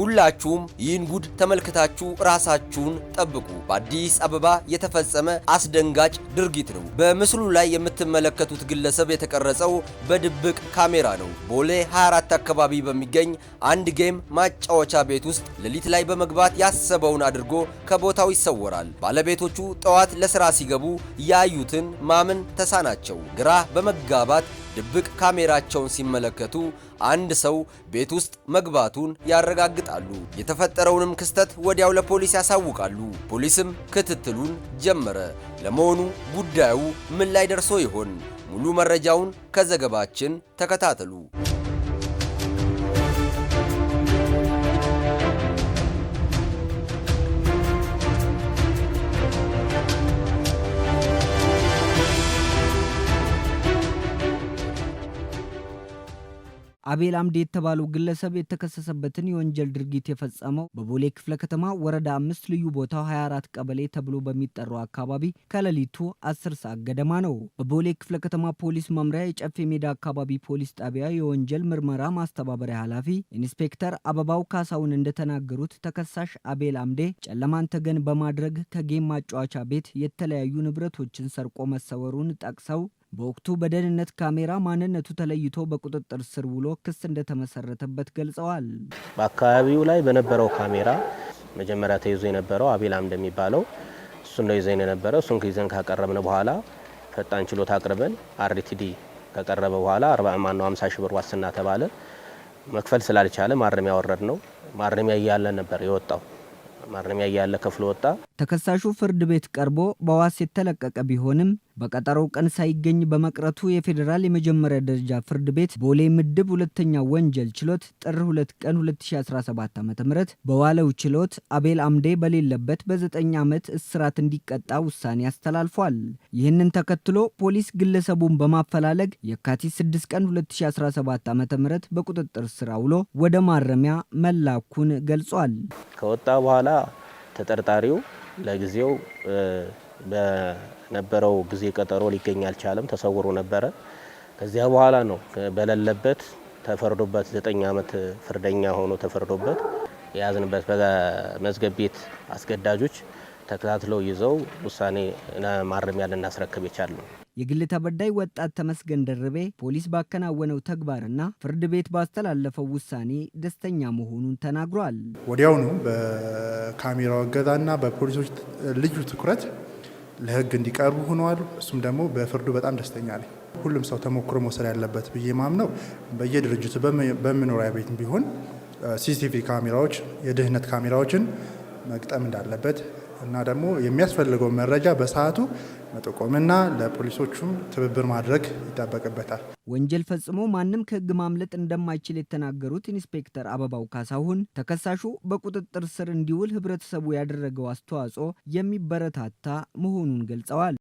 ሁላችሁም ይህን ጉድ ተመልክታችሁ ራሳችሁን ጠብቁ። በአዲስ አበባ የተፈጸመ አስደንጋጭ ድርጊት ነው። በምስሉ ላይ የምትመለከቱት ግለሰብ የተቀረጸው በድብቅ ካሜራ ነው። ቦሌ 24 አካባቢ በሚገኝ አንድ ጌም ማጫወቻ ቤት ውስጥ ሌሊት ላይ በመግባት ያሰበውን አድርጎ ከቦታው ይሰወራል። ባለቤቶቹ ጠዋት ለስራ ሲገቡ ያዩትን ማመን ተሳናቸው። ግራ በመጋባት ድብቅ ካሜራቸውን ሲመለከቱ አንድ ሰው ቤት ውስጥ መግባቱን ያረጋግጣሉ። የተፈጠረውንም ክስተት ወዲያው ለፖሊስ ያሳውቃሉ። ፖሊስም ክትትሉን ጀመረ። ለመሆኑ ጉዳዩ ምን ላይ ደርሶ ይሆን? ሙሉ መረጃውን ከዘገባችን ተከታተሉ። አቤል አምዴ የተባለው ግለሰብ የተከሰሰበትን የወንጀል ድርጊት የፈጸመው በቦሌ ክፍለ ከተማ ወረዳ አምስት ልዩ ቦታው 24 ቀበሌ ተብሎ በሚጠራው አካባቢ ከሌሊቱ 10 ሰዓት ገደማ ነው። በቦሌ ክፍለ ከተማ ፖሊስ መምሪያ የጨፌ ሜዳ አካባቢ ፖሊስ ጣቢያ የወንጀል ምርመራ ማስተባበሪያ ኃላፊ ኢንስፔክተር አበባው ካሳውን እንደተናገሩት ተከሳሽ አቤል አምዴ ጨለማን ተገን በማድረግ ከጌም ማጫወቻ ቤት የተለያዩ ንብረቶችን ሰርቆ መሰወሩን ጠቅሰው በወቅቱ በደህንነት ካሜራ ማንነቱ ተለይቶ በቁጥጥር ስር ውሎ ክስ እንደተመሰረተበት ገልጸዋል። በአካባቢው ላይ በነበረው ካሜራ መጀመሪያ ተይዞ የነበረው አቤላ እንደሚባለው እሱን ነው ይዘን የነበረው። እሱን ይዘን ካቀረብን በኋላ ፈጣን ችሎት አቅርበን አርቲዲ ከቀረበ በኋላ ማነው 50 ሺህ ብር ዋስትና ተባለ። መክፈል ስላልቻለ ማረሚያ ወረድ ነው። ማረሚያ እያለን ነበር የወጣው። ማረሚያ እያለ ከፍሎ ወጣ። ተከሳሹ ፍርድ ቤት ቀርቦ በዋስ የተለቀቀ ቢሆንም በቀጠሮው ቀን ሳይገኝ በመቅረቱ የፌዴራል የመጀመሪያ ደረጃ ፍርድ ቤት ቦሌ ምድብ ሁለተኛ ወንጀል ችሎት ጥር 2 ቀን 2017 ዓ ም በዋለው ችሎት አቤል አምዴ በሌለበት በ9 ዓመት እስራት እንዲቀጣ ውሳኔ አስተላልፏል። ይህንን ተከትሎ ፖሊስ ግለሰቡን በማፈላለግ የካቲት 6 ቀን 2017 ዓ ም በቁጥጥር ስር አውሎ ወደ ማረሚያ መላኩን ገልጿል። ከወጣ በኋላ ተጠርጣሪው ለጊዜው በነበረው ጊዜ ቀጠሮ ሊገኝ አልቻለም፣ ተሰውሮ ነበረ። ከዚያ በኋላ ነው በሌለበት ተፈርዶበት ዘጠኝ ዓመት ፍርደኛ ሆኖ ተፈርዶበት የያዝንበት በመዝገብ ቤት አስገዳጆች ተከታትለው ይዘው ውሳኔ ማረሚያ ልናስረክብ የቻሉ የግል ተበዳይ ወጣት ተመስገን ደርቤ ፖሊስ ባከናወነው ተግባርና ፍርድ ቤት ባስተላለፈው ውሳኔ ደስተኛ መሆኑን ተናግሯል። ወዲያውኑ በካሜራው እገዛና በፖሊሶች ልዩ ትኩረት ለህግ እንዲቀርቡ ሆነዋል። እሱም ደግሞ በፍርዱ በጣም ደስተኛ ነኝ። ሁሉም ሰው ተሞክሮ መውሰድ ያለበት ብዬ ማምነው በየድርጅቱ በመኖሪያ ቤት ቢሆን ሲሲቲቪ ካሜራዎች የድህነት ካሜራዎችን መግጠም እንዳለበት እና ደግሞ የሚያስፈልገው መረጃ በሰዓቱ መጠቆምና ለፖሊሶቹም ትብብር ማድረግ ይጠበቅበታል። ወንጀል ፈጽሞ ማንም ከህግ ማምለጥ እንደማይችል የተናገሩት ኢንስፔክተር አበባው ካሳሁን ተከሳሹ በቁጥጥር ስር እንዲውል ህብረተሰቡ ያደረገው አስተዋጽኦ የሚበረታታ መሆኑን ገልጸዋል።